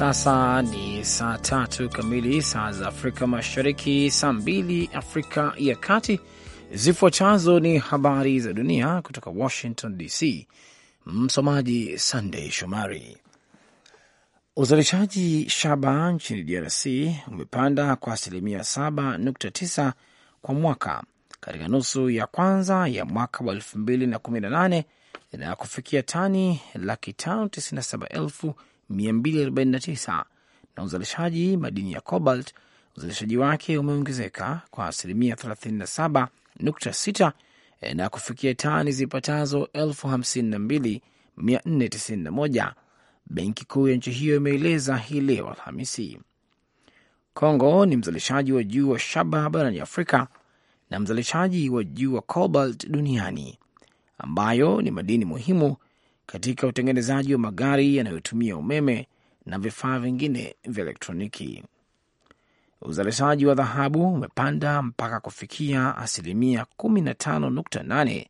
Sasa ni saa tatu kamili saa za Afrika Mashariki, saa mbili Afrika ya Kati. Zifuatazo ni habari za dunia kutoka Washington DC. Msomaji Sandey Shomari. Uzalishaji shaba nchini DRC umepanda kwa asilimia 7.9 kwa mwaka katika nusu ya kwanza ya mwaka wa 2018 na kufikia tani laki tano elfu 249 na uzalishaji madini ya cobalt, uzalishaji wake umeongezeka kwa asilimia 37.6 eh, na kufikia tani zipatazo 52491 benki kuu ya nchi hiyo imeeleza hii leo Alhamisi. Kongo ni mzalishaji wa juu wa shaba barani Afrika na mzalishaji wa juu wa cobalt duniani, ambayo ni madini muhimu katika utengenezaji wa magari yanayotumia umeme na vifaa vingine vya elektroniki. Uzalishaji wa dhahabu umepanda mpaka kufikia asilimia 15.8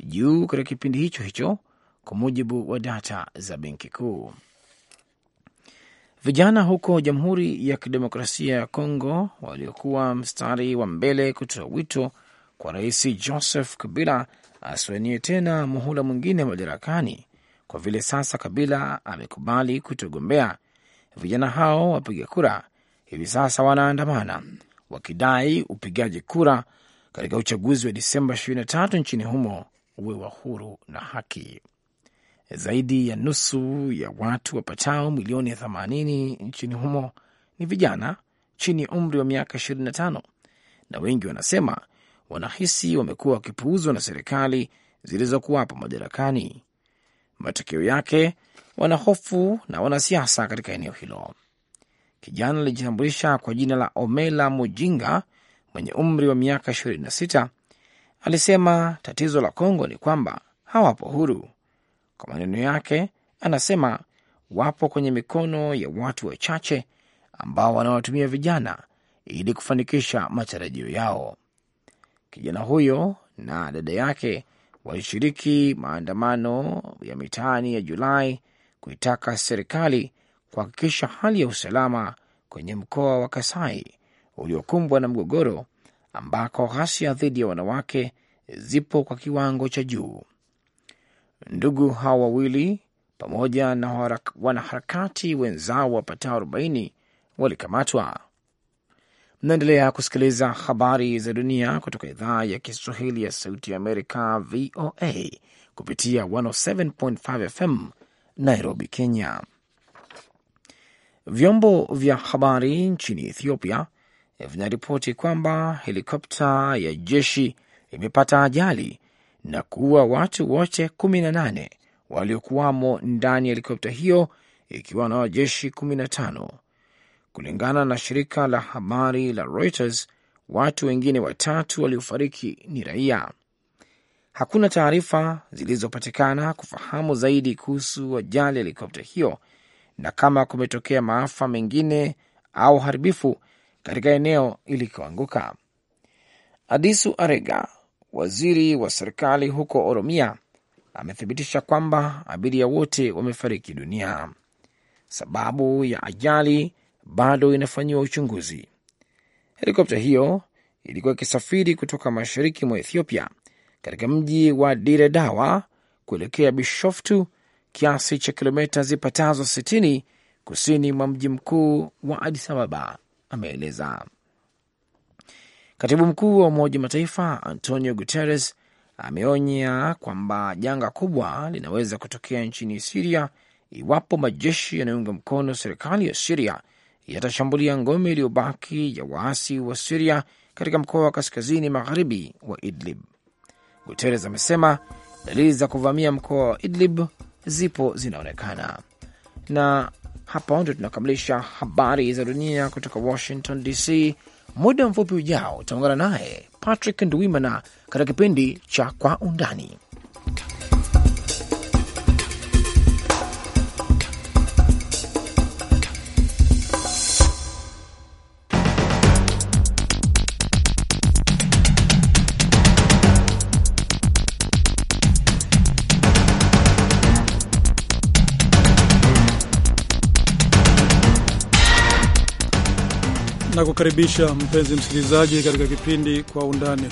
juu katika kipindi hicho hicho, kwa mujibu wa data za benki kuu. Vijana huko Jamhuri ya Kidemokrasia ya Kongo waliokuwa mstari wa mbele kutoa wito kwa Rais Joseph Kabila asiwanie tena muhula mwingine madarakani kwa vile sasa Kabila amekubali kutogombea, vijana hao wapiga kura hivi sasa wanaandamana wakidai upigaji kura katika uchaguzi wa Disemba 23 nchini humo uwe wa huru na haki. Zaidi ya nusu ya watu wapatao milioni 80 nchini humo ni vijana chini ya umri wa miaka 25, na wengi wanasema wanahisi wamekuwa wakipuuzwa na serikali zilizokuwapo madarakani matokeo yake wanahofu na wanasiasa katika eneo hilo. Kijana alijitambulisha kwa jina la Omela Mujinga mwenye umri wa miaka 26 alisema tatizo la Kongo ni kwamba hawapo huru. Kwa maneno yake, anasema wapo kwenye mikono ya watu wachache ambao wanawatumia vijana ili kufanikisha matarajio yao. Kijana huyo na dada yake walishiriki maandamano ya mitaani ya Julai kuitaka serikali kuhakikisha hali ya usalama kwenye mkoa wa Kasai uliokumbwa na mgogoro ambako ghasia dhidi ya wanawake zipo kwa kiwango cha juu. Ndugu hawa wawili pamoja na wanaharakati wenzao wapatao 40 walikamatwa. Mnaendelea kusikiliza habari za dunia kutoka idhaa ya Kiswahili ya Sauti ya Amerika, VOA, kupitia 107.5 FM Nairobi, Kenya. Vyombo vya habari nchini Ethiopia vinaripoti kwamba helikopta ya jeshi imepata ajali na kuua watu wote 18 waliokuwamo ndani ya helikopta hiyo, ikiwa na wajeshi 15 Kulingana na shirika la habari la Reuters, watu wengine watatu waliofariki ni raia. Hakuna taarifa zilizopatikana kufahamu zaidi kuhusu ajali ya helikopta hiyo na kama kumetokea maafa mengine au haribifu katika eneo ilikoanguka. Adisu Arega, waziri wa serikali huko Oromia, amethibitisha kwamba abiria wote wamefariki dunia. Sababu ya ajali bado inafanyiwa uchunguzi. Helikopta hiyo ilikuwa ikisafiri kutoka mashariki mwa Ethiopia katika mji wa diredawa kuelekea Bishoftu, kiasi cha kilomita zipatazo 60 kusini mwa mji mkuu wa adisababa Ababa, ameeleza katibu mkuu wa Umoja wa Mataifa Antonio Guterres. Ameonya kwamba janga kubwa linaweza kutokea nchini Siria iwapo majeshi yanayounga mkono serikali ya Siria yatashambulia ngome iliyobaki ya waasi wa Siria katika mkoa wa kaskazini magharibi wa Idlib. Guterres amesema dalili za kuvamia mkoa wa Idlib zipo zinaonekana. Na hapa ndio tunakamilisha habari za dunia kutoka Washington DC. Muda mfupi ujao utaungana naye Patrick Nduwimana katika kipindi cha Kwa Undani. Nakukaribisha mpenzi msikilizaji katika kipindi kwa undani.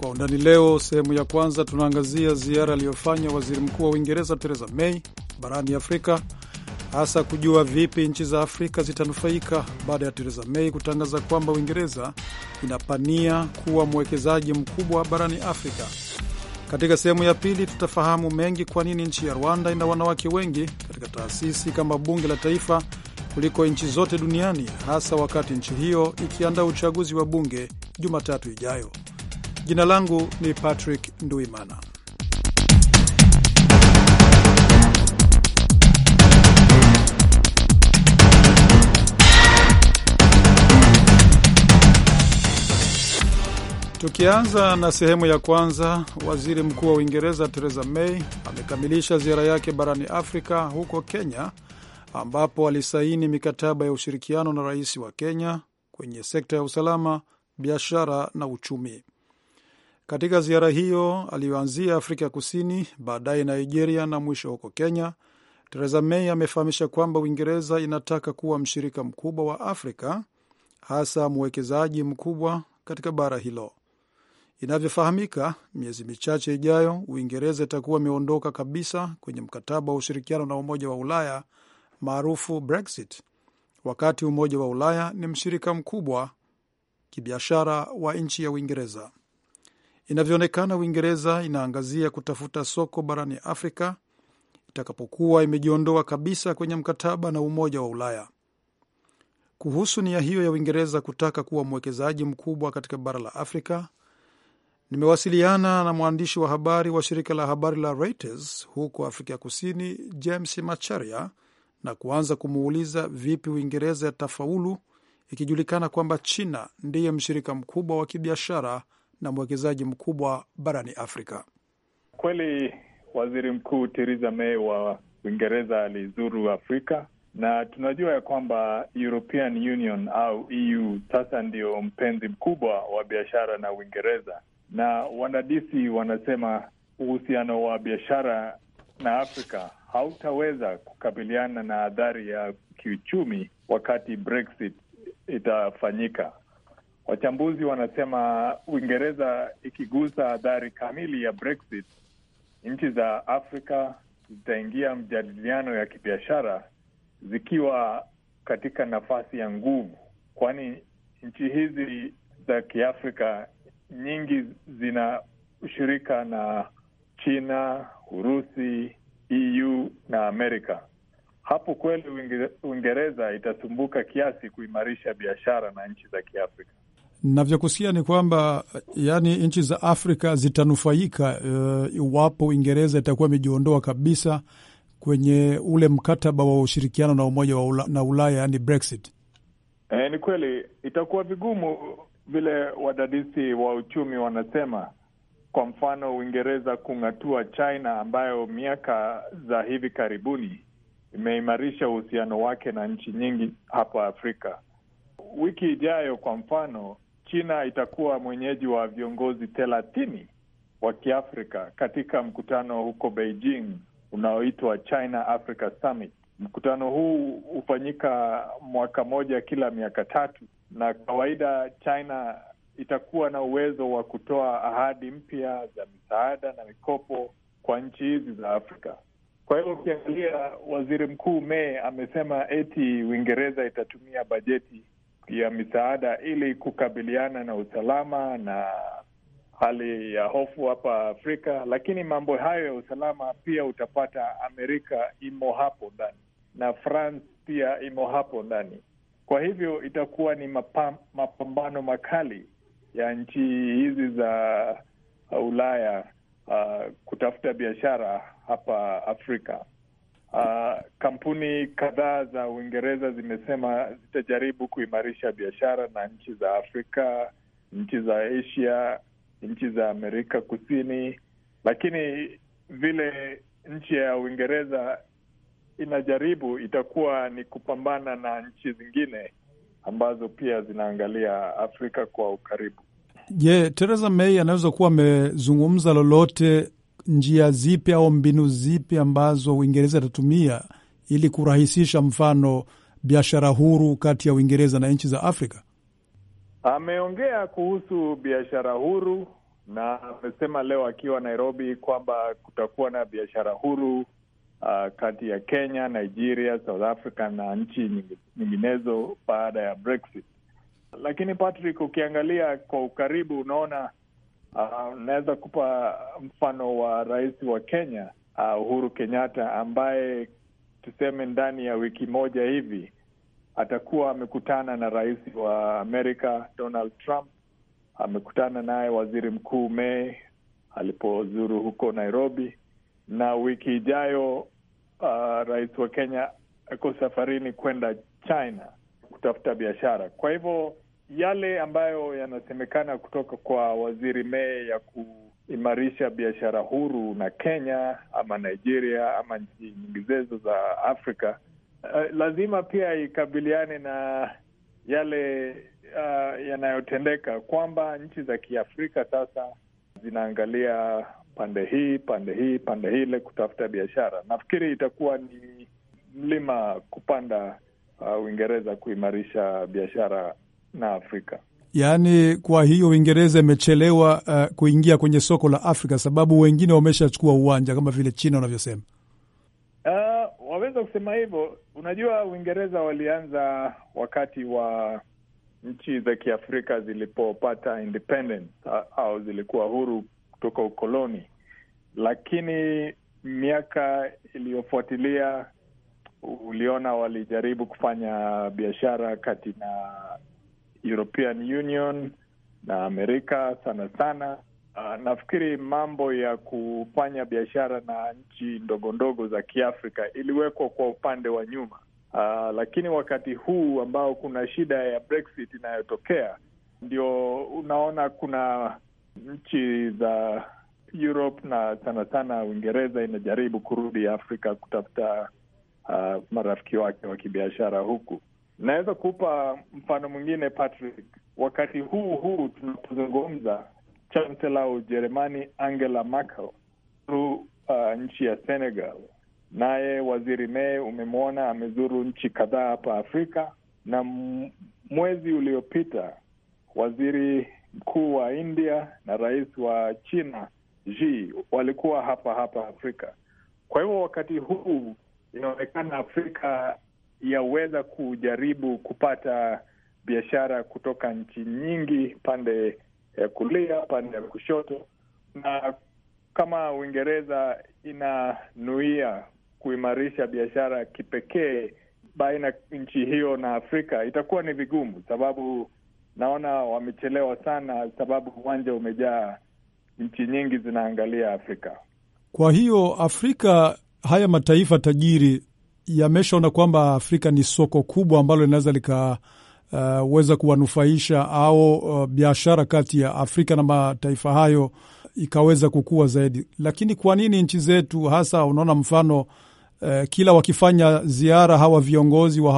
Kwa undani leo, sehemu ya kwanza, tunaangazia ziara aliyofanya waziri mkuu wa Uingereza Theresa May barani Afrika, hasa kujua vipi nchi za Afrika zitanufaika baada ya Theresa May kutangaza kwamba Uingereza inapania kuwa mwekezaji mkubwa barani Afrika. Katika sehemu ya pili, tutafahamu mengi, kwa nini nchi ya Rwanda ina wanawake wengi katika taasisi kama bunge la taifa kuliko nchi zote duniani, hasa wakati nchi hiyo ikiandaa uchaguzi wa bunge Jumatatu ijayo. Jina langu ni Patrick Nduimana. Tukianza na sehemu ya kwanza, waziri mkuu wa Uingereza Theresa May amekamilisha ziara yake barani Afrika huko Kenya ambapo alisaini mikataba ya ushirikiano na rais wa Kenya kwenye sekta ya usalama, biashara na uchumi. Katika ziara hiyo aliyoanzia Afrika Kusini, baadaye Nigeria na mwisho huko Kenya, Theresa May amefahamisha kwamba Uingereza inataka kuwa mshirika mkubwa wa Afrika, hasa mwekezaji mkubwa katika bara hilo. Inavyofahamika, miezi michache ijayo Uingereza itakuwa imeondoka kabisa kwenye mkataba wa ushirikiano na Umoja wa Ulaya maarufu Brexit, wakati Umoja wa Ulaya ni mshirika mkubwa kibiashara wa nchi ya Uingereza. Inavyoonekana, Uingereza inaangazia kutafuta soko barani Afrika itakapokuwa imejiondoa kabisa kwenye mkataba na Umoja wa Ulaya. Kuhusu nia hiyo ya Uingereza kutaka kuwa mwekezaji mkubwa katika bara la Afrika, nimewasiliana na mwandishi wa habari wa shirika la habari la Reuters huko Afrika Kusini, James Macharia, na kuanza kumuuliza vipi Uingereza yatafaulu ikijulikana kwamba China ndiye mshirika mkubwa wa kibiashara na mwekezaji mkubwa barani Afrika. Kweli waziri mkuu Theresa May wa Uingereza alizuru Afrika na tunajua ya kwamba European Union au EU sasa ndio mpenzi mkubwa wa biashara na Uingereza, na wanadisi wanasema uhusiano wa biashara na Afrika hautaweza kukabiliana na adhari ya kiuchumi wakati Brexit itafanyika. Wachambuzi wanasema Uingereza ikigusa adhari kamili ya Brexit, nchi za Afrika zitaingia mjadiliano ya kibiashara zikiwa katika nafasi ya nguvu, kwani nchi hizi za Kiafrika nyingi zina ushirika na China, Urusi, EU na Amerika. Hapo kweli Uingereza itasumbuka kiasi kuimarisha biashara na nchi za Kiafrika. Navyokusikia ni kwamba yani nchi za Afrika zitanufaika eh, iwapo uh, Uingereza itakuwa imejiondoa kabisa kwenye ule mkataba wa ushirikiano na umoja wa ula, na Ulaya yani Brexit. E, ni kweli itakuwa vigumu vile wadadisi wa uchumi wanasema kwa mfano, Uingereza kung'atua China ambayo miaka za hivi karibuni imeimarisha uhusiano wake na nchi nyingi hapa Afrika. Wiki ijayo, kwa mfano, China itakuwa mwenyeji wa viongozi thelathini wa Kiafrika katika mkutano huko Beijing unaoitwa China Africa Summit. Mkutano huu hufanyika mwaka moja kila miaka tatu, na kawaida China itakuwa na uwezo wa kutoa ahadi mpya za misaada na mikopo kwa nchi hizi za Afrika. Kwa hivyo ukiangalia, waziri mkuu May amesema eti Uingereza itatumia bajeti ya misaada ili kukabiliana na usalama na hali ya hofu hapa Afrika, lakini mambo hayo ya usalama pia utapata Amerika imo hapo ndani na France pia imo hapo ndani. Kwa hivyo itakuwa ni mapambano makali ya nchi hizi za Ulaya uh, kutafuta biashara hapa Afrika. Uh, kampuni kadhaa za Uingereza zimesema zitajaribu kuimarisha biashara na nchi za Afrika, nchi za Asia, nchi za Amerika Kusini, lakini vile nchi ya Uingereza inajaribu itakuwa ni kupambana na nchi zingine ambazo pia zinaangalia Afrika kwa ukaribu. Je, yeah, Theresa May anaweza kuwa amezungumza lolote, njia zipi au mbinu zipi ambazo Uingereza itatumia ili kurahisisha mfano biashara huru kati ya Uingereza na nchi za Afrika? Ameongea kuhusu biashara huru na amesema leo akiwa Nairobi kwamba kutakuwa na biashara huru uh, kati ya Kenya, Nigeria, South Africa na nchi nyinginezo baada ya Brexit. Lakini Patrick, ukiangalia kwa ukaribu, unaona unaweza uh, kupa mfano wa rais wa Kenya uh, Uhuru Kenyatta ambaye tuseme ndani ya wiki moja hivi atakuwa amekutana na rais wa Amerika Donald Trump, amekutana naye waziri mkuu Mei alipozuru huko Nairobi, na wiki ijayo uh, rais wa Kenya ako safarini kwenda China kutafuta biashara. Kwa hivyo yale ambayo yanasemekana kutoka kwa waziri Mei ya kuimarisha biashara huru na Kenya ama Nigeria ama nchi nyinginezo za Afrika uh, lazima pia ikabiliane na yale uh, yanayotendeka kwamba nchi za Kiafrika sasa zinaangalia pande hii pande hii pande hile kutafuta biashara. Nafikiri itakuwa ni mlima kupanda uh, Uingereza kuimarisha biashara na Afrika. Yaani, kwa hiyo Uingereza imechelewa uh, kuingia kwenye soko la Afrika sababu wengine wameshachukua uwanja kama vile China wanavyosema. Uh, waweza kusema hivyo. Unajua, Uingereza walianza wakati wa nchi za Kiafrika zilipopata independence uh, au zilikuwa huru kutoka ukoloni, lakini miaka iliyofuatilia uliona walijaribu kufanya biashara kati na European Union na Amerika sana sana. Uh, nafikiri mambo ya kufanya biashara na nchi ndogo ndogo za Kiafrika iliwekwa kwa upande wa nyuma. Uh, lakini wakati huu ambao kuna shida ya Brexit inayotokea ndio unaona kuna nchi za Europe na sana sana Uingereza inajaribu kurudi Afrika kutafuta uh, marafiki wake wa kibiashara huku. Naweza kupa mfano mwingine Patrick, wakati huu huu tunapozungumza, chansela wa Ujerumani Angela Merkel zuru uh, nchi ya Senegal, naye waziri May umemwona amezuru nchi kadhaa hapa Afrika, na mwezi uliopita waziri mkuu wa India na rais wa China Xi walikuwa hapa hapa Afrika. Kwa hivyo wakati huu inaonekana Afrika yaweza kujaribu kupata biashara kutoka nchi nyingi, pande ya kulia, pande ya kushoto, na kama Uingereza inanuia kuimarisha biashara kipekee baina nchi hiyo na Afrika, itakuwa ni vigumu sababu naona wamechelewa sana, sababu uwanja umejaa, nchi nyingi zinaangalia Afrika. Kwa hiyo Afrika, haya mataifa tajiri yameshaona kwamba Afrika ni soko kubwa ambalo linaweza likaweza uh, kuwanufaisha au uh, biashara kati ya Afrika na mataifa hayo ikaweza kukua zaidi. Lakini kwa nini nchi zetu hasa, unaona mfano uh, kila wakifanya ziara hawa viongozi wa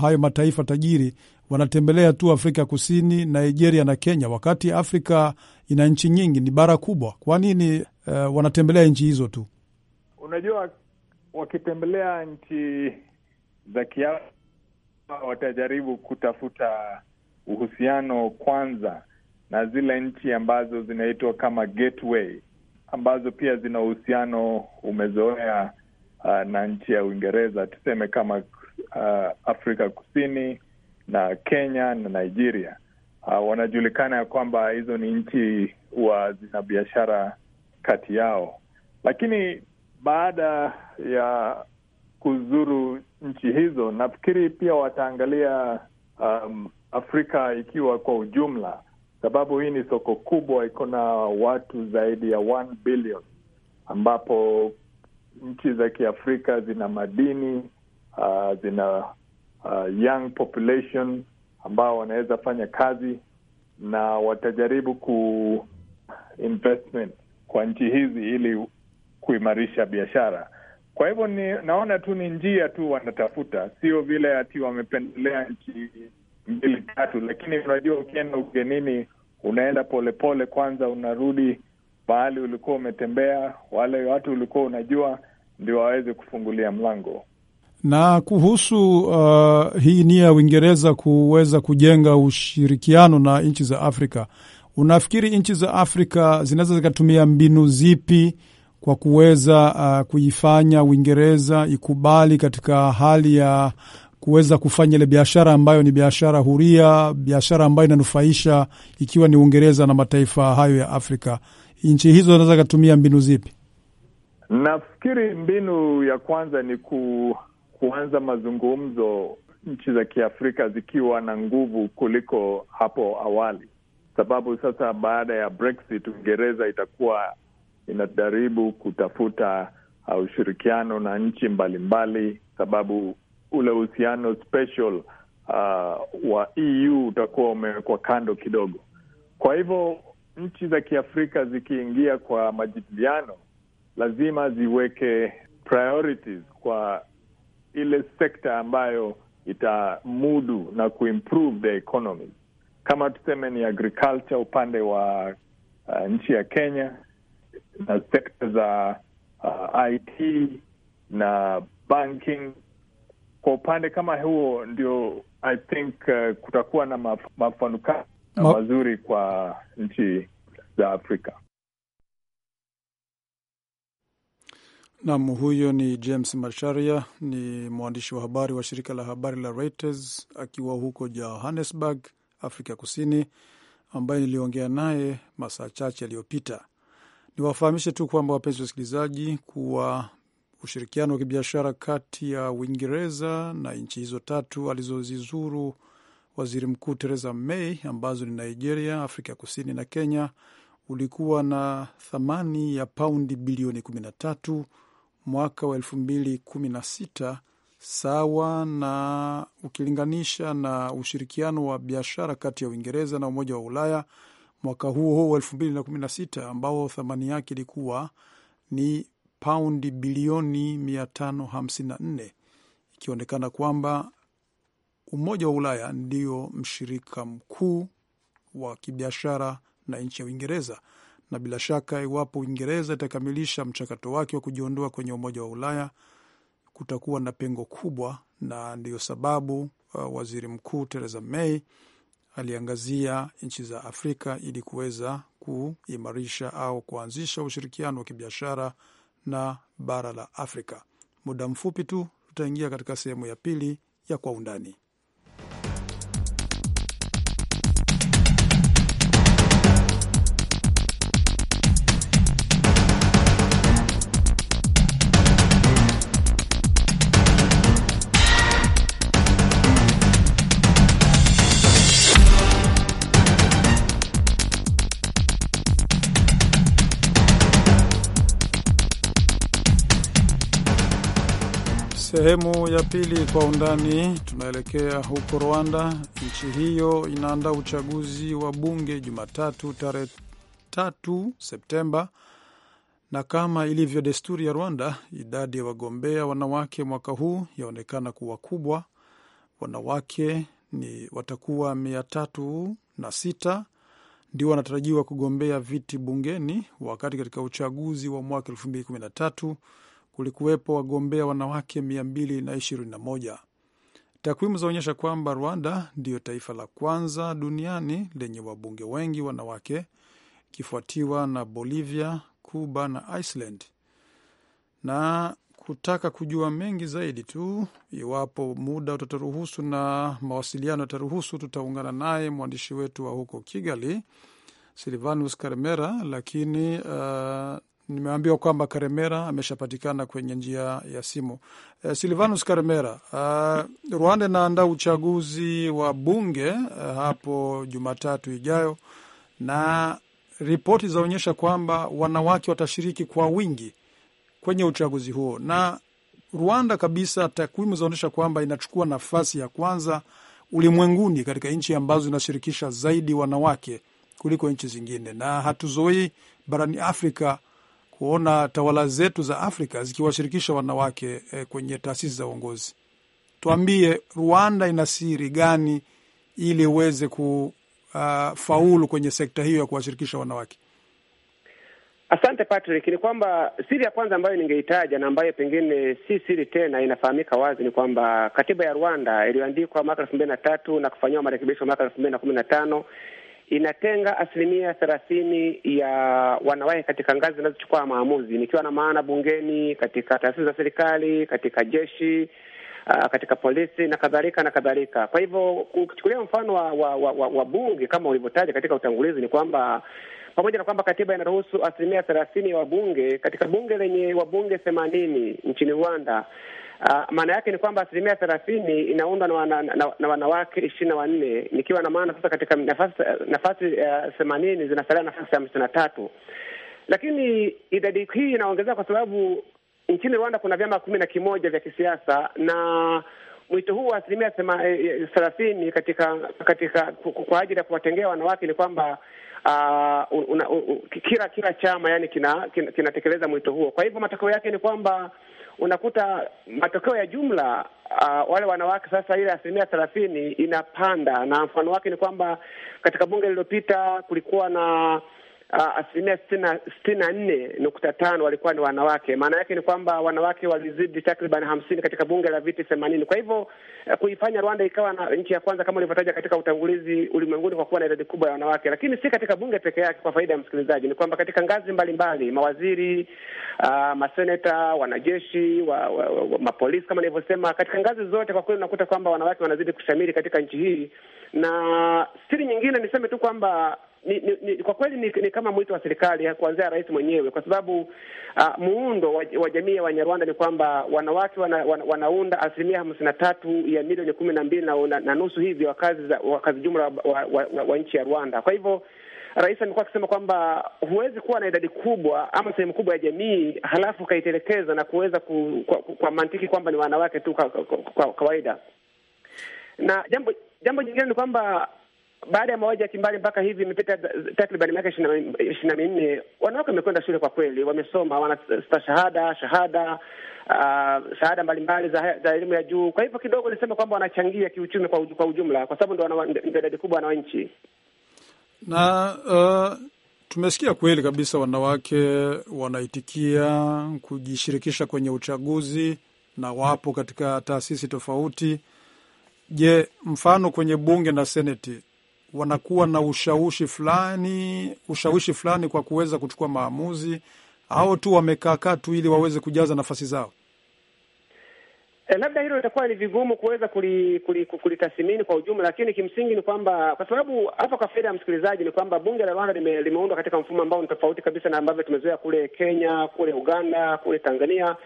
hayo mataifa tajiri wanatembelea tu Afrika Kusini, Nigeria na Kenya, wakati Afrika ina nchi nyingi, ni bara kubwa. Kwa nini uh, wanatembelea nchi hizo tu? Unajua, wakitembelea nchi za Kiafrika watajaribu kutafuta uhusiano kwanza na zile nchi ambazo zinaitwa kama gateway, ambazo pia zina uhusiano umezoea uh, na nchi ya Uingereza, tuseme kama uh, Afrika Kusini na Kenya na Nigeria. Uh, wanajulikana ya kwamba hizo ni nchi huwa zina biashara kati yao, lakini baada ya kuzuru nchi hizo, nafikiri pia wataangalia um, Afrika ikiwa kwa ujumla, sababu hii ni soko kubwa, iko na watu zaidi ya billion, ambapo nchi za Kiafrika zina madini uh, zina uh, young population ambao wanaweza fanya kazi na watajaribu ku investment kwa nchi hizi ili kuimarisha biashara. Kwa hivyo ni, naona tu ni njia tu wanatafuta, sio vile ati wamependelea nchi mbili tatu, lakini unajua, ukienda ugenini unaenda polepole pole, kwanza unarudi mahali ulikuwa umetembea, wale watu ulikuwa unajua, ndio waweze kufungulia mlango. Na kuhusu uh, hii nia ya Uingereza kuweza kujenga ushirikiano na nchi za Afrika, unafikiri nchi za Afrika zinaweza zikatumia mbinu zipi kwa kuweza uh, kuifanya Uingereza ikubali katika hali ya kuweza kufanya ile biashara ambayo ni biashara huria, biashara ambayo inanufaisha ikiwa ni Uingereza na mataifa hayo ya Afrika, nchi hizo zinaweza zikatumia mbinu zipi? Nafikiri mbinu ya kwanza ni ku kuanza mazungumzo nchi za Kiafrika zikiwa na nguvu kuliko hapo awali, sababu sasa baada ya Brexit Uingereza itakuwa inajaribu kutafuta uh, ushirikiano na nchi mbalimbali mbali, sababu ule uhusiano special uh, wa EU utakuwa umewekwa kando kidogo. Kwa hivyo nchi za Kiafrika zikiingia kwa majadiliano lazima ziweke priorities kwa ile sekta ambayo itamudu na kuimprove the economy. Kama tuseme ni agriculture upande wa uh, nchi ya Kenya na sekta za uh, IT na banking. Kwa upande kama huo ndio I think uh, kutakuwa na maf mafanuka mazuri kwa nchi za Afrika. Nam, huyo ni James Macharia, ni mwandishi wa habari wa shirika la habari la Reuters akiwa huko Johannesburg, Afrika Kusini, ambaye niliongea naye masaa chache yaliyopita. Niwafahamishe tu kwamba, wapenzi wasikilizaji, kuwa ushirikiano wa kibiashara kati ya Uingereza na nchi hizo tatu alizozizuru waziri mkuu Theresa May ambazo ni Nigeria, Afrika Kusini na Kenya ulikuwa na thamani ya paundi bilioni kumi na tatu mwaka wa elfu mbili kumi na sita sawa na ukilinganisha na ushirikiano wa biashara kati ya Uingereza na Umoja wa Ulaya mwaka huo huo wa elfu mbili na kumi na sita ambao thamani yake ilikuwa ni paundi bilioni mia tano nne ikionekana kwamba Umoja wa Ulaya ndio mshirika mkuu wa kibiashara na nchi ya Uingereza na bila shaka, iwapo Uingereza itakamilisha mchakato wake wa kujiondoa kwenye Umoja wa Ulaya, kutakuwa na pengo kubwa, na ndiyo sababu uh, waziri mkuu Theresa May aliangazia nchi za Afrika ili kuweza kuimarisha au kuanzisha ushirikiano wa kibiashara na bara la Afrika. Muda mfupi tu tutaingia katika sehemu ya pili ya Kwa Undani. Sehemu ya pili kwa undani, tunaelekea huko Rwanda. Nchi hiyo inaandaa uchaguzi wa bunge Jumatatu tarehe tatu Septemba, na kama ilivyo desturi ya Rwanda, idadi ya wagombea wanawake mwaka huu yaonekana kuwa kubwa. Wanawake ni watakuwa mia tatu na sita ndio wanatarajiwa kugombea viti bungeni, wakati katika uchaguzi wa mwaka tatu kulikuwepo wagombea wanawake 221. Takwimu zaonyesha kwamba Rwanda ndiyo taifa la kwanza duniani lenye wabunge wengi wanawake, ikifuatiwa na Bolivia, Cuba na Iceland. Na kutaka kujua mengi zaidi tu, iwapo muda utataruhusu na mawasiliano yataruhusu, tutaungana naye mwandishi wetu wa huko Kigali, Silvanus Karmera, lakini uh, nimeambiwa kwamba Karemera ameshapatikana kwenye njia ya simu. Uh, Silvanus Karemera, uh, Rwanda inaandaa uchaguzi wa bunge uh, hapo Jumatatu ijayo na ripoti zaonyesha kwamba wanawake watashiriki kwa wingi kwenye uchaguzi huo, na Rwanda kabisa, takwimu zaonyesha kwamba inachukua nafasi ya kwanza ulimwenguni katika nchi ambazo zinashirikisha zaidi wanawake kuliko nchi zingine, na hatuzoei barani Afrika kuona tawala zetu za Afrika zikiwashirikisha wanawake e, kwenye taasisi za uongozi. Tuambie, Rwanda ina siri gani ili iweze kufaulu ah, kwenye sekta hiyo ya kuwashirikisha wanawake? Asante Patrick. Ni kwamba siri ya kwanza ambayo ningeitaja na ambayo pengine si siri tena, inafahamika wazi, ni kwamba katiba ya Rwanda iliyoandikwa mwaka elfu mbili na tatu na kufanyiwa marekebisho mwaka elfu mbili na kumi na tano inatenga asilimia thelathini ya wanawake katika ngazi zinazochukua maamuzi, nikiwa na maana bungeni, katika taasisi za serikali, katika jeshi Uh, katika polisi na kadhalika na kadhalika. Kwa hivyo ukichukulia mfano wa, wa, wa, wa bunge kama ulivyotaja katika utangulizi, ni kwamba pamoja na kwamba katiba inaruhusu asilimia thelathini ya wabunge, katika bunge lenye wabunge themanini nchini Rwanda Uh, maana yake ni kwamba asilimia thelathini inaundwa na, wana, na, na wanawake ishirini na wanne nikiwa na maana sasa katika nafasi eh, themanini uh, zinasalia nafasi hamsini na tatu, lakini idadi hii inaongezeka kwa sababu nchini Rwanda kuna vyama kumi na kimoja vya kisiasa na mwito huu wa asilimia eh, thelathini katika katika kwa ajili ya kuwatengea wanawake ni kwamba uh, una, kila kila chama yani kinatekeleza kina, kina mwito huo. Kwa hivyo matokeo yake ni kwamba unakuta matokeo ya jumla uh, wale wanawake sasa, ile asilimia thelathini inapanda, na mfano wake ni kwamba katika bunge lililopita kulikuwa na Ah, asilimia sitini na nne nukta tano walikuwa ni wanawake. Maana yake ni kwamba wanawake walizidi takriban hamsini katika bunge la viti themanini. Kwa hivyo eh, kuifanya Rwanda ikawa na nchi ya kwanza kama ulivyotaja katika utangulizi ulimwenguni kwa kuwa na idadi kubwa ya wanawake, lakini si katika bunge peke yake. Kwa faida ya msikilizaji, ni kwamba katika ngazi mbalimbali mbali, mawaziri, uh, maseneta, wanajeshi wa, wa, wa, wa, mapolisi kama nilivyosema, katika ngazi zote kwa kweli unakuta kwamba wanawake wanazidi kushamiri katika nchi hii, na siri nyingine niseme tu kwamba ni, ni, ni, kwa kweli ni, ni kama mwito wa serikali kuanzia rais mwenyewe, kwa sababu uh, muundo wa, wa jamii ya Wanyarwanda ni kwamba wanawake wana, wana, wanaunda asilimia hamsini na tatu ya milioni kumi na mbili na nusu hivi wakazi wakazi jumla wa, wa, wa, wa, wa nchi ya Rwanda. Kwa hivyo rais amekuwa akisema kwamba huwezi kuwa na idadi kubwa ama sehemu kubwa ya jamii halafu ukaitelekeza na kuweza ku, kwa, kwa mantiki kwamba ni wanawake tu kwa, kwa, kwa, kwa kawaida na jambo jambo jingine ni kwamba baada ya mauaji ya kimbali mpaka hivi imepita takriban miaka ishirini na minne. Wanawake wamekwenda shule kwa kweli, wamesoma, wana shahada shahada, uh, shahada mbalimbali za, za elimu ya juu. Kwa hivyo kidogo nisema kwamba wanachangia kiuchumi kwa, kwa ujumla, kwa sababu ndio idadi kubwa wananchi na uh, tumesikia kweli kabisa wanawake wanaitikia kujishirikisha kwenye uchaguzi na wapo katika taasisi tofauti. Je, mfano kwenye bunge na seneti wanakuwa na ushawishi fulani, ushawishi fulani kwa kuweza kuchukua maamuzi au tu wamekaakaa tu ili waweze kujaza nafasi zao? E, labda hilo litakuwa ni vigumu kuweza kulitathmini kwa ujumla, lakini kimsingi ni kwamba kwa sababu hapa, kwa faida ya msikilizaji, ni kwamba bunge la Rwanda limeundwa katika mfumo ambao ni tofauti kabisa na ambavyo tumezoea kule Kenya, kule Uganda, kule Tanzania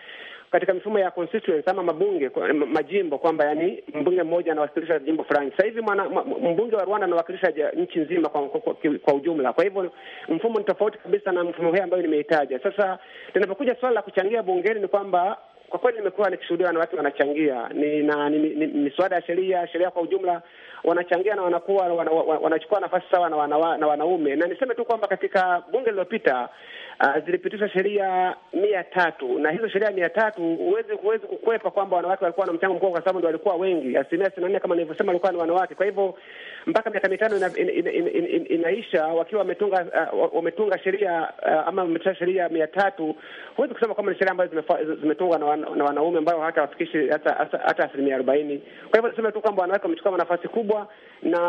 katika mifumo ya constituency ama mabunge majimbo, kwamba yani mbunge mmoja anawakilisha jimbo fulani. Sasa hivi mwana mbunge wa Rwanda anawakilisha nchi nzima kwa, kwa, kwa, kwa ujumla. Kwa hivyo mfumo ni tofauti kabisa na mfumo huu ambayo nimeitaja. Sasa tunapokuja swala la kuchangia bungeni ni kwamba kwa kweli nimekuwa nikishuhudia na watu wanachangia ni na ni, ni, ni miswada ya sheria sheria kwa ujumla, wanachangia na wanakuwa wanachukua wana, wana nafasi sawa na, wana, na wanaume. Na niseme tu kwamba katika bunge lililopita uh, zilipitishwa sheria mia tatu na hizo sheria mia tatu huwezi huwezi kukwepa kwamba wanawake walikuwa na mchango mkubwa, kwa sababu ndio walikuwa wengi, asilimia sitini na nne kama nilivyosema walikuwa ni wanawake. Kwa hivyo mpaka miaka mitano ina, ina, ina, ina, ina, ina, inaisha wakiwa wametunga uh, wametunga sheria uh, ama wametunga sheria mia tatu huwezi kusema kwamba ni sheria ambazo zimetungwa na na wanaume ambao hata wafikishi hata hata asilimia arobaini. Kwa hivyo niseme tu kwamba wanawake wamechukua nafasi kubwa na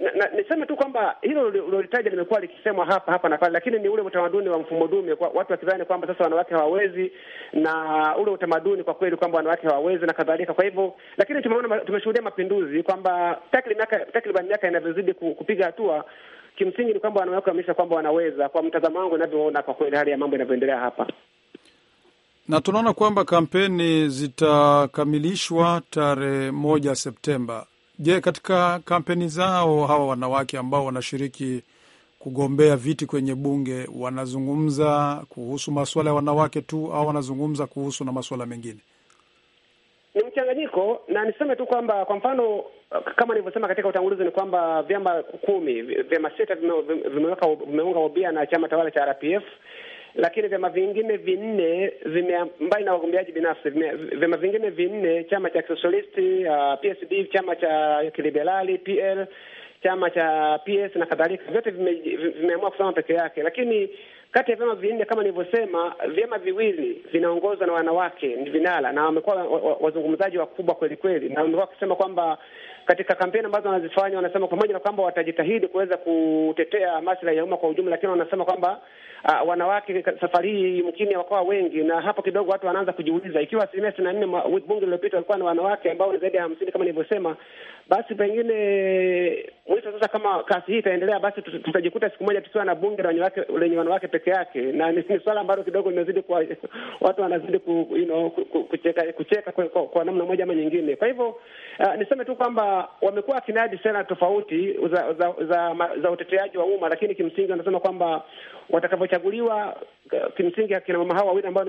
na, na niseme tu kwamba hilo ulilolitaja limekuwa likisemwa hapa hapa na pale, lakini ni ule utamaduni wa mfumo dume, kwa watu wakidhani kwamba sasa wanawake hawawezi, na ule utamaduni kwa kweli kwamba wanawake hawawezi na kadhalika. Kwa hivyo, lakini tumeona, tumeshuhudia mapinduzi kwamba takriban miaka inavyozidi kupiga hatua, kimsingi ni kwamba wanawake wameonyesha kwamba wanaweza. Kwa mtazamo wangu, inavyoona kwa kweli, hali ya mambo inavyoendelea hapa na tunaona kwamba kampeni zitakamilishwa tarehe moja Septemba. Je, katika kampeni zao hawa wanawake ambao wanashiriki kugombea viti kwenye bunge wanazungumza kuhusu masuala ya wanawake tu au wanazungumza kuhusu na masuala mengine? Ni mchanganyiko, na niseme tu kwamba kwa mfano kama nilivyosema katika utangulizi ni kwamba vyama kumi, vyama sita vimeunga ubia na chama tawala cha RPF lakini vyama vingine vinne mbali na wagombeaji binafsi, vyama vingine vinne, chama cha kisosialisti uh, PSD, chama cha kiliberali PL, chama cha PS na kadhalika, vyote vimeamua kusoma peke yake. Lakini kati ya vyama vinne, kama nilivyosema, vyama viwili vinaongozwa na wanawake, ni vinala na wamekuwa wazungumzaji wakubwa kweli kweli, na wamekuwa wakisema kwamba katika kampeni ambazo wanazifanya, wanasema pamoja na kwamba watajitahidi kuweza kutetea maslahi ya umma kwa ujumla, lakini wanasema kwamba uh, wanawake safari hii mkini wakawa wengi, na hapo kidogo watu wanaanza kujiuliza, ikiwa asilimia sitini na nne bunge lililopita walikuwa na wanawake ambao ni zaidi ya hamsini kama nilivyosema, basi pengine mwisho sasa, kama kasi hii itaendelea, basi tutajikuta siku moja tukiwa na bunge wanawake, lenye wanawake peke yake, na ni swala ambalo kidogo linazidi kwa watu wanazidi ku, you know, kucheka, kucheka kwa, kwa, kwa namna moja ama nyingine. Kwa hivyo uh, niseme tu kwamba wamekuwa wakinadi sera tofauti za za, za, za uteteaji wa umma, lakini kimsingi wanasema kwamba watakavyochaguliwa, eh, kimsingi akina mama hao wawili ambao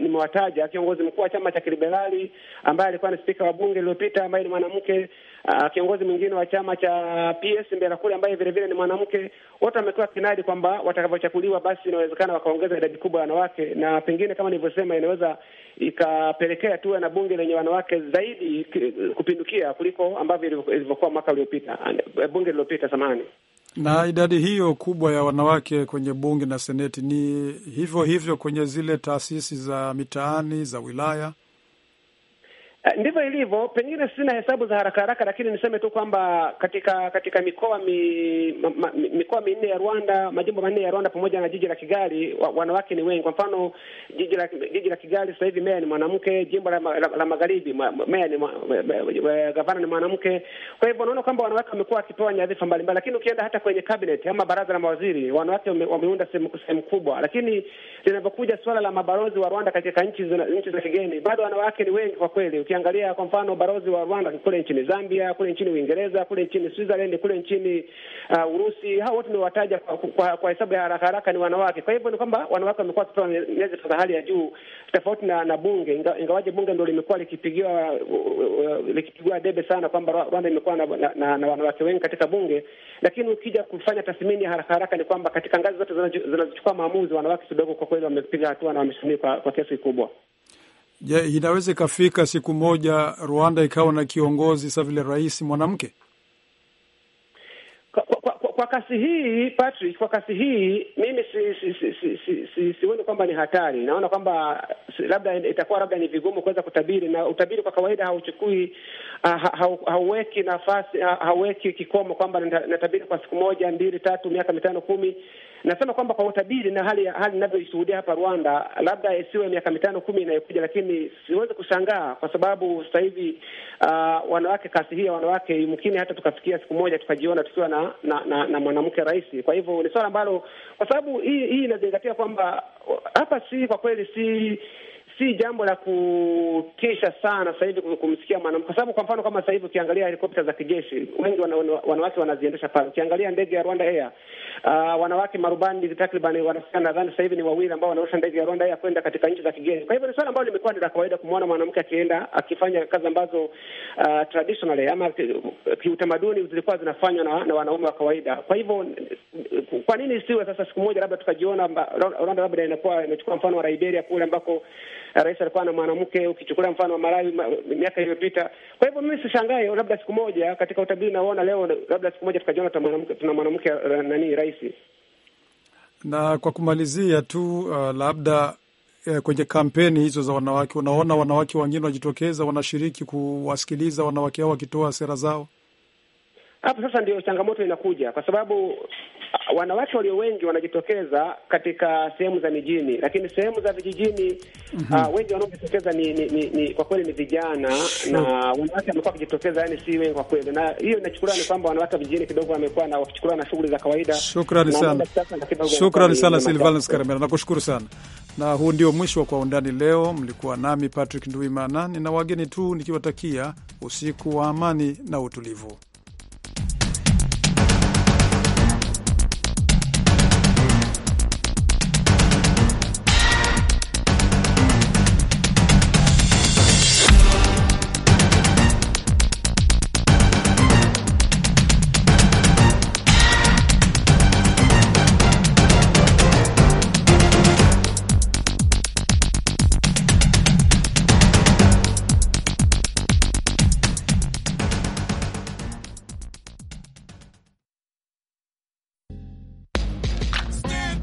nimewataja, kiongozi mkuu wa chama cha kiliberali ambaye alikuwa ni spika wa bunge iliyopita ambaye ni mwanamke uh, kiongozi mwingine wa chama cha PS kule ambaye vile vile ni mwanamke. Wote wametoa kinadi kwamba watakavyochaguliwa, basi inawezekana wakaongeza idadi kubwa ya wanawake, na pengine kama nilivyosema, inaweza ikapelekea tuwe na bunge lenye wanawake zaidi kupindukia kuliko ambavyo ilivyokuwa mwaka uliopita, bunge lililopita, samahani na idadi hiyo kubwa ya wanawake kwenye bunge na seneti ni hivyo hivyo kwenye zile taasisi za mitaani za wilaya. Eh, ndivyo ilivyo. Pengine sina hesabu za haraka haraka, lakini niseme tu kwamba katika katika mikoa mi, ma, mikoa minne ya Rwanda, majimbo manne ya Rwanda pamoja na jiji la Kigali wanawake ni wengi. Kwa mfano jiji la jiji la Kigali sasa hivi meya ni mwanamke, jimbo la, la, la magharibi meya ni gavana ni mwanamke. Kwa hivyo unaona kwamba wanawake wamekuwa wakipewa nyadhifa mbalimbali, lakini ukienda hata kwenye cabinet ama baraza la mawaziri wanawake wameunda sehemu kubwa, lakini linapokuja suala la mabalozi wa Rwanda katika nchi za nchi za kigeni bado wanawake ni wengi kwa kweli ukiangalia kwa mfano barozi wa Rwanda kule nchini Zambia, kule nchini Uingereza, kule nchini Switzerland, kule nchini uh, Urusi, hao wote nimewataja kwa, kwa, kwa hesabu ya haraka haraka ni wanawake. Kwa hivyo ni kwamba wanawake wamekuwa wakipewa nafasi za hali ya juu tofauti na, na bunge ingawaje bunge ndio limekuwa likipigiwa uh, uh likipigiwa debe sana kwamba Rwanda imekuwa na, na, na, na wanawake wengi katika bunge, lakini ukija kufanya tathmini haraka haraka ni kwamba katika ngazi zote zinazochukua maamuzi wanawake kidogo kwa kweli wamepiga hatua na wameshiriki kwa, kwa kiasi kikubwa. Je, inaweza ikafika siku moja Rwanda ikawa na kiongozi sa vile rais mwanamke? Kwa, kwa, kwa, kwa kasi hii Patrick, kwa kasi hii mimi si, si, si, si, si, si, sioni kwamba ni hatari. Naona kwamba labda itakuwa labda ni vigumu kuweza kutabiri, na utabiri kwa kawaida hauchukui ah, ha, hauweki nafasi hauweki kikomo kwamba natabiri kwa siku moja, mbili, tatu, miaka mitano, kumi Nasema kwamba kwa utabiri na hali hali ninavyoishuhudia hapa Rwanda, labda isiwe miaka mitano kumi inayokuja, lakini siwezi kushangaa kwa sababu sasa hivi uh, wanawake, kasi hii ya wanawake, yumkini hata tukafikia siku moja tukajiona tukiwa na na, na, na mwanamke rais. Kwa hivyo ni swala ambalo, kwa sababu hii hii inazingatia kwamba hapa si kwa kweli si si jambo la kutisha sana sasa hivi kumsikia mwanamke, kwa sababu kwa mfano kama sasa hivi ukiangalia helikopta za kijeshi wengi wana, wana, wanawake wanaziendesha pale. Ukiangalia ndege ya Rwanda Air uh, wanawake marubani takriban wanafika nadhani sasa hivi ni wawili ambao wanaosha ndege ya Rwanda Air kwenda katika nchi za kigeni. Kwa hivyo ni swala ambalo limekuwa ni la kawaida kumwona mwanamke akienda akifanya kazi ambazo uh, traditionally eh, ama kiutamaduni zilikuwa zinafanywa na, na wanaume wa kawaida. Kwa hivyo kwa nini isiwe sasa siku moja labda tukajiona Rwanda labda inakuwa imechukua mfano wa Liberia kule ambako rais alikuwa na mwanamke, ukichukulia mfano wa Malawi miaka iliyopita. Kwa hivyo mimi sishangae, labda siku moja katika utabiri naona leo, labda siku moja tukajiona tuna mwanamke eh, nani rais. Na kwa kumalizia tu uh, labda eh, kwenye kampeni hizo za wanawake, unaona wanawake wengine wajitokeza, wanashiriki kuwasikiliza wanawake hao wakitoa sera zao. Hapo sasa ndio changamoto inakuja, kwa sababu wanawake walio wengi wanajitokeza katika sehemu za mijini, lakini sehemu za vijijini mm -hmm. uh, wengi wanaojitokeza ni, ni, ni, ni kwa kweli ni vijana sure. na wanawake wamekuwa wakijitokeza, yani si wengi kwa kweli, na hiyo inachukuliwa ni kwamba wanawake vijijini kidogo wamekuwa na wakichukuliwa na shughuli za kawaida. Shukrani sana, shukrani sana Silvanus Karemera, nakushukuru sana na huu ndio mwisho wa Kwa Undani leo. Mlikuwa nami Patrick Nduimana, nina wageni tu nikiwatakia usiku wa amani na utulivu.